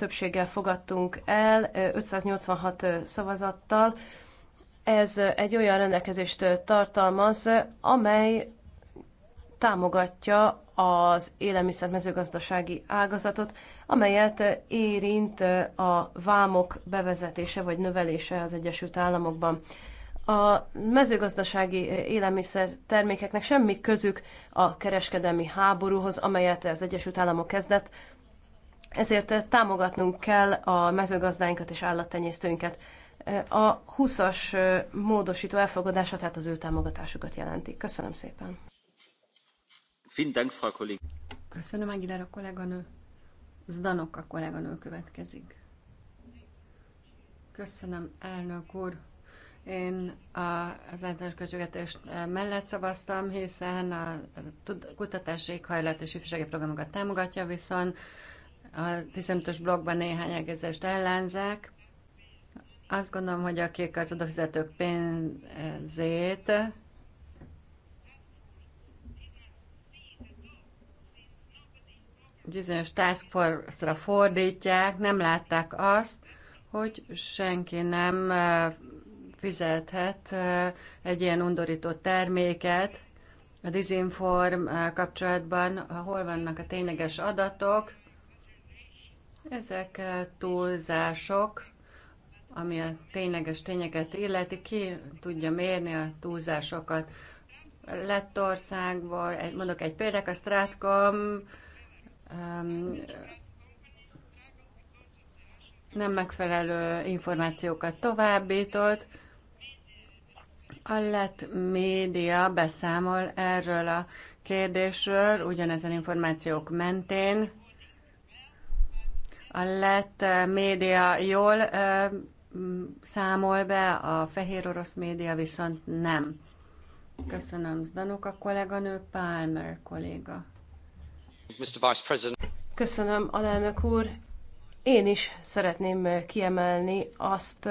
többséggel fogadtunk el, 586 szavazattal. Ez egy olyan rendelkezést tartalmaz, amely támogatja az élelmiszer-mezőgazdasági ágazatot, amelyet érint a vámok bevezetése vagy növelése az Egyesült Államokban. A mezőgazdasági élelmiszer termékeknek semmi közük a kereskedelmi háborúhoz, amelyet az Egyesült Államok kezdett, ezért eh, támogatnunk kell a mezőgazdáinkat és állattenyésztőinket. Eh, a 20-as eh, módosító elfogadása, tehát az ő támogatásukat jelenti. Köszönöm szépen. Köszönöm, Aguilar a kolléganő. Zdanok a kolléganő következik. Köszönöm, elnök úr. Én a, az általános költségvetés mellett szavaztam, hiszen a kutatási éghajlat és ifjúsági programokat támogatja, viszont a 15-ös blogban néhány egezest ellenzek. Azt gondolom, hogy akik az adófizetők pénzét bizonyos task force-ra fordítják, nem látták azt, hogy senki nem fizethet egy ilyen undorító terméket a dizinform kapcsolatban, hol vannak a tényleges adatok, ezek túlzások, ami a tényleges tényeket illeti, ki tudja mérni a túlzásokat. Lettországból, mondok egy példát, a Stratcom um, nem megfelelő információkat továbbított. A lett média beszámol erről a kérdésről, ugyanezen információk mentén, a lett média jól számol be, a fehér orosz média viszont nem. Köszönöm, a kolléganő, Palmer kolléga. Mr. Vice President. Köszönöm, alelnök úr. Én is szeretném kiemelni azt,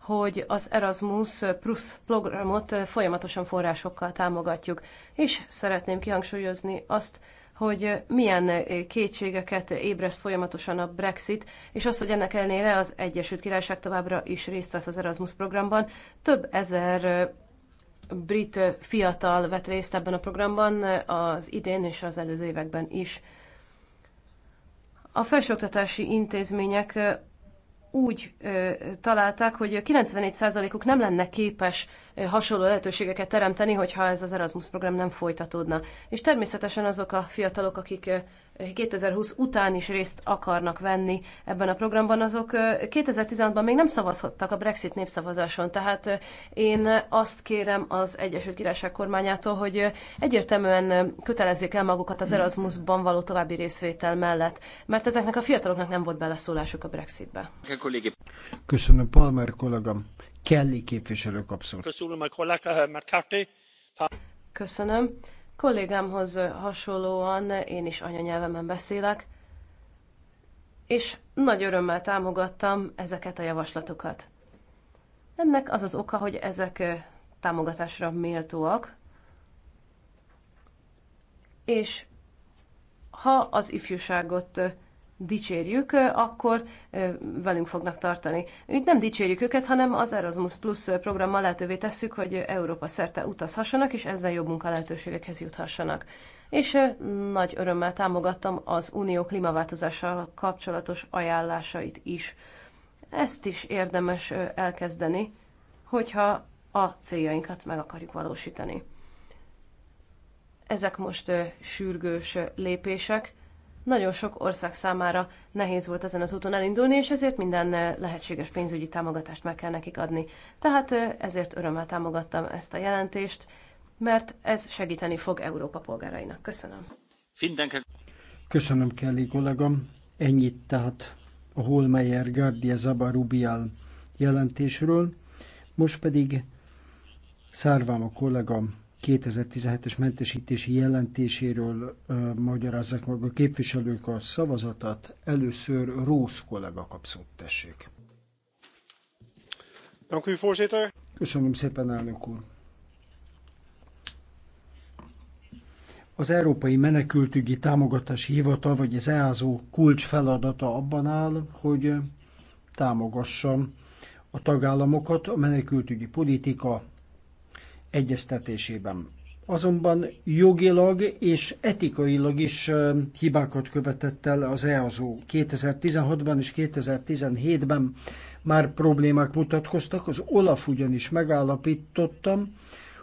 hogy az Erasmus Plus programot folyamatosan forrásokkal támogatjuk, és szeretném kihangsúlyozni azt, hogy milyen kétségeket ébreszt folyamatosan a Brexit, és az, hogy ennek ellenére az Egyesült Királyság továbbra is részt vesz az Erasmus programban. Több ezer brit fiatal vett részt ebben a programban az idén és az előző években is. A felsőoktatási intézmények úgy ö, találták, hogy 94%-uk nem lenne képes ö, hasonló lehetőségeket teremteni, hogyha ez az Erasmus program nem folytatódna. És természetesen azok a fiatalok, akik ö, 2020 után is részt akarnak venni ebben a programban, azok 2016-ban még nem szavazhattak a Brexit népszavazáson. Tehát én azt kérem az Egyesült Királyság kormányától, hogy egyértelműen kötelezzék el magukat az Erasmusban való további részvétel mellett, mert ezeknek a fiataloknak nem volt beleszólásuk a Brexitbe. Köszönöm, Palmer kollégám. Kelly képviselő kapszol. Köszönöm. Kollégámhoz hasonlóan én is anyanyelvemen beszélek, és nagy örömmel támogattam ezeket a javaslatokat. Ennek az az oka, hogy ezek támogatásra méltóak, és ha az ifjúságot dicsérjük, akkor velünk fognak tartani. Úgy nem dicsérjük őket, hanem az Erasmus Plus programmal lehetővé tesszük, hogy Európa szerte utazhassanak, és ezzel jobb munkalehetőségekhez juthassanak. És nagy örömmel támogattam az Unió klímaváltozással kapcsolatos ajánlásait is. Ezt is érdemes elkezdeni, hogyha a céljainkat meg akarjuk valósítani. Ezek most sürgős lépések, nagyon sok ország számára nehéz volt ezen az úton elindulni, és ezért minden lehetséges pénzügyi támogatást meg kell nekik adni. Tehát ezért örömmel támogattam ezt a jelentést, mert ez segíteni fog Európa polgárainak. Köszönöm. Köszönöm, Kelly kollégam. Ennyit tehát a Holmeyer Gardia Zabarubial jelentésről. Most pedig Szárvám a kollega 2017-es mentesítési jelentéséről ö, magyarázzák meg a képviselők a szavazatát Először Rósz kollega kap szót, tessék. Köszönöm szépen, elnök úr. Az Európai Menekültügyi Támogatási Hivatal, vagy az EASO kulcs feladata abban áll, hogy támogassa a tagállamokat a menekültügyi politika egyeztetésében. Azonban jogilag és etikailag is hibákat követett el az EASO. 2016-ban és 2017-ben már problémák mutatkoztak, az Olaf ugyanis megállapítottam,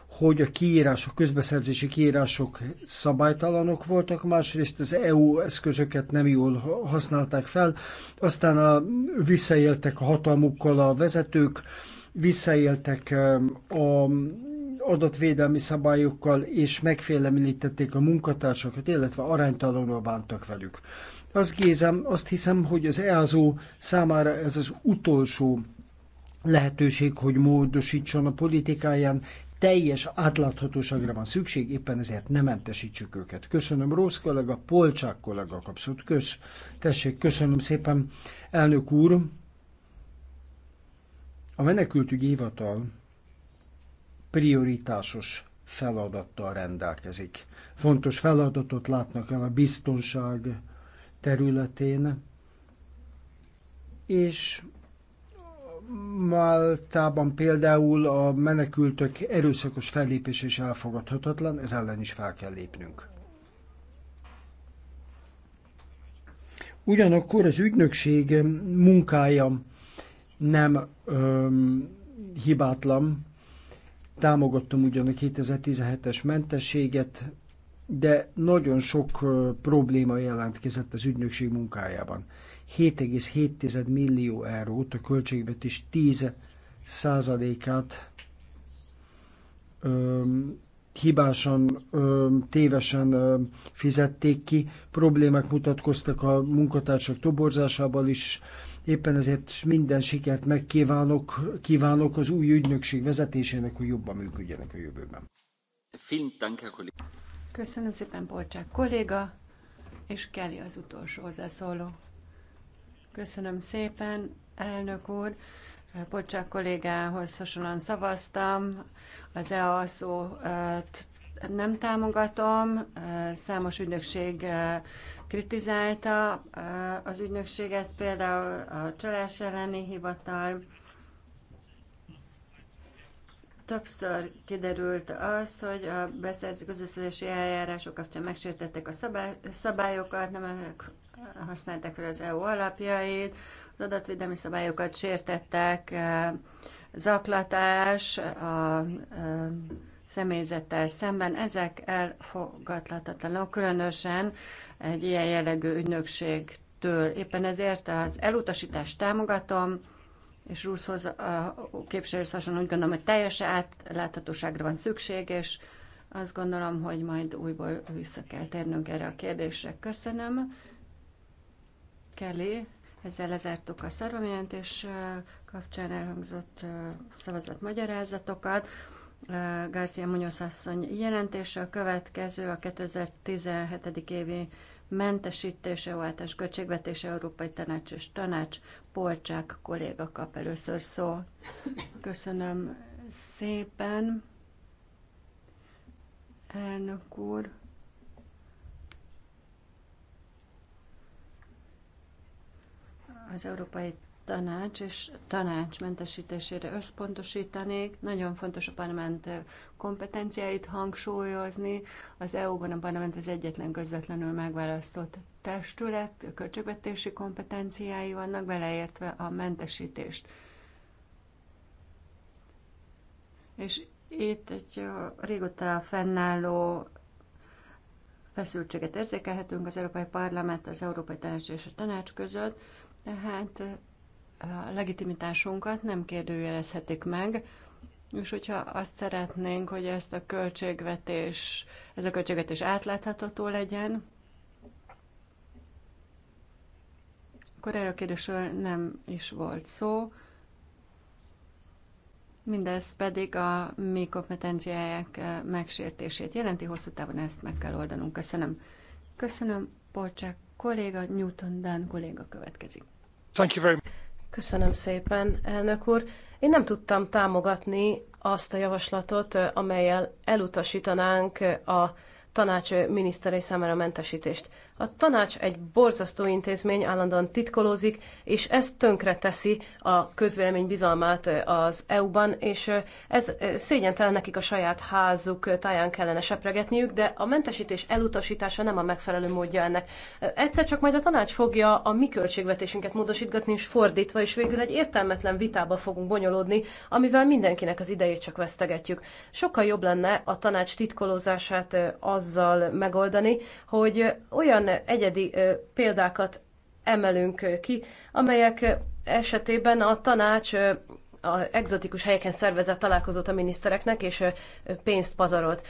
hogy a kiírások, közbeszerzési kiírások szabálytalanok voltak, másrészt az EU eszközöket nem jól használták fel, aztán a, visszaéltek a hatalmukkal a vezetők, visszaéltek a adatvédelmi szabályokkal, és megfélemlítették a munkatársakat, illetve aránytalanul bántak velük. Azt gézem, azt hiszem, hogy az EASO számára ez az utolsó lehetőség, hogy módosítson a politikáján, teljes átláthatóságra van szükség, éppen ezért nem mentesítsük őket. Köszönöm Rósz kollega, Polcsák kollega kapszott. Kösz. Tessék, köszönöm szépen, elnök úr. A menekültügyi hivatal prioritásos feladattal rendelkezik. Fontos feladatot látnak el a biztonság területén, és Máltában például a menekültök erőszakos fellépés is elfogadhatatlan, ez ellen is fel kell lépnünk. Ugyanakkor az ügynökség munkája nem öm, hibátlan, Támogattam ugyan a 2017-es mentességet, de nagyon sok probléma jelentkezett az ügynökség munkájában. 7,7 millió eurót, a költségvetés 10 százalékát hibásan, tévesen fizették ki. Problémák mutatkoztak a munkatársak toborzásával is, Éppen ezért minden sikert megkívánok kívánok az új ügynökség vezetésének, hogy jobban működjenek a jövőben. Köszönöm szépen, Polcsák kolléga, és Kelly az utolsó hozzászóló. Köszönöm szépen, elnök úr. Polcsák kollégához hasonlóan szavaztam. Az EASZ-t nem támogatom. Számos ügynökség kritizálta az ügynökséget, például a csalás elleni hivatal. Többször kiderült az, hogy a beszerző közösszedési eljárások kapcsán megsértettek a szabályokat, nem használták fel az EU alapjait, az adatvédelmi szabályokat sértettek, zaklatás, a, a személyzettel szemben. Ezek elfogadhatatlanok, különösen egy ilyen jellegű ügynökségtől. Éppen ezért az elutasítást támogatom, és Ruszhoz a képviselős hasonló úgy gondolom, hogy teljes átláthatóságra van szükség, és azt gondolom, hogy majd újból vissza kell térnünk erre a kérdésre. Köszönöm. Kelly, ezzel lezártuk a szervamjelentés kapcsán elhangzott szavazatmagyarázatokat. magyarázatokat. García Munoz asszony jelentése. A következő a 2017. évi mentesítése, váltás, költségvetése, Európai Tanács és Tanács. Polcsák kolléga kap először szó. Köszönöm szépen. Elnök úr. Az Európai tanács és tanács mentesítésére összpontosítanék. Nagyon fontos a parlament kompetenciáit hangsúlyozni. Az EU-ban a parlament az egyetlen közvetlenül megválasztott testület, költségvetési kompetenciái vannak, beleértve a mentesítést. És itt egy régóta fennálló feszültséget érzékelhetünk az Európai Parlament, az Európai Tanács és a Tanács között, tehát a legitimitásunkat nem kérdőjelezhetik meg, és hogyha azt szeretnénk, hogy ezt a költségvetés, ez a költségvetés átlátható legyen, akkor erről a kérdésről nem is volt szó. Mindez pedig a mi kompetenciáják eh, megsértését jelenti, hosszú távon ezt meg kell oldanunk. Köszönöm. Köszönöm, Polcsák kolléga, Newton Dan kolléga következik. Thank you very much. Köszönöm szépen, elnök úr. Én nem tudtam támogatni azt a javaslatot, amelyel elutasítanánk a tanács miniszterei számára mentesítést. A tanács egy borzasztó intézmény, állandóan titkolózik, és ez tönkre teszi a közvélemény bizalmát eh, az EU-ban, és eh, ez eh, szégyentelen nekik a saját házuk táján kellene sepregetniük, de a mentesítés elutasítása nem a megfelelő módja ennek. Egyszer csak majd a tanács fogja a mi költségvetésünket módosítgatni, és fordítva, és végül egy értelmetlen vitába fogunk bonyolódni, amivel mindenkinek az idejét csak vesztegetjük. Sokkal jobb lenne a tanács titkolózását azzal megoldani, hogy olyan egyedi példákat emelünk ki, amelyek esetében a tanács a egzotikus helyeken szervezett találkozót a minisztereknek, és pénzt pazarolt.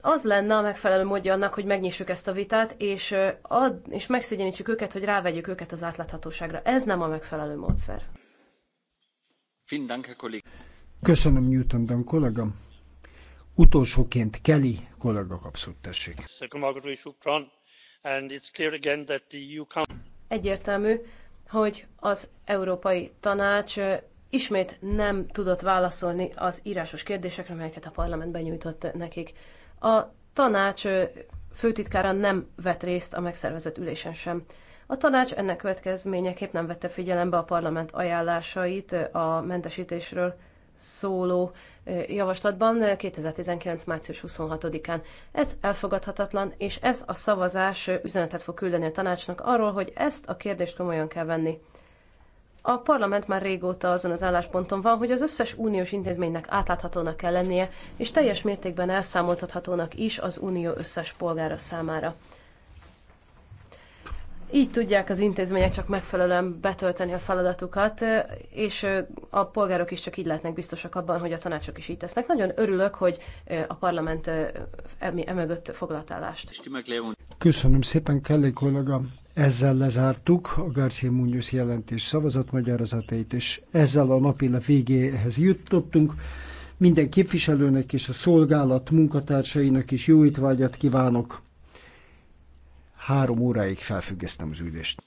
Az lenne a megfelelő módja annak, hogy megnyissuk ezt a vitát, és, ad, és megszigyenítsük őket, hogy rávegyük őket az átláthatóságra. Ez nem a megfelelő módszer. Köszönöm, Newton Dan kollega. Utolsóként Kelly kollega kapszott, tessék. E Egyértelmű, hogy az Európai Tanács ismét nem tudott válaszolni az írásos kérdésekre, melyeket a parlament benyújtott nekik. A tanács főtitkára nem vett részt a megszervezett ülésen sem. A tanács ennek következményeképp nem vette figyelembe a parlament ajánlásait a mentesítésről, szóló javaslatban 2019. március 26-án. Ez elfogadhatatlan, és ez a szavazás üzenetet fog küldeni a tanácsnak arról, hogy ezt a kérdést komolyan kell venni. A parlament már régóta azon az állásponton van, hogy az összes uniós intézménynek átláthatónak kell lennie, és teljes mértékben elszámoltathatónak is az unió összes polgára számára. Így tudják az intézmények csak megfelelően betölteni a feladatukat, és a polgárok is csak így lehetnek biztosak abban, hogy a tanácsok is így tesznek. Nagyon örülök, hogy a parlament emögött e foglaltálást. Köszönöm szépen, Kelly kollega. Ezzel lezártuk a García Munoz jelentés szavazatmagyarázatait, és ezzel a napi végéhez jutottunk. Minden képviselőnek és a szolgálat munkatársainak is jó étvágyat kívánok! három óráig felfüggesztem az ülést.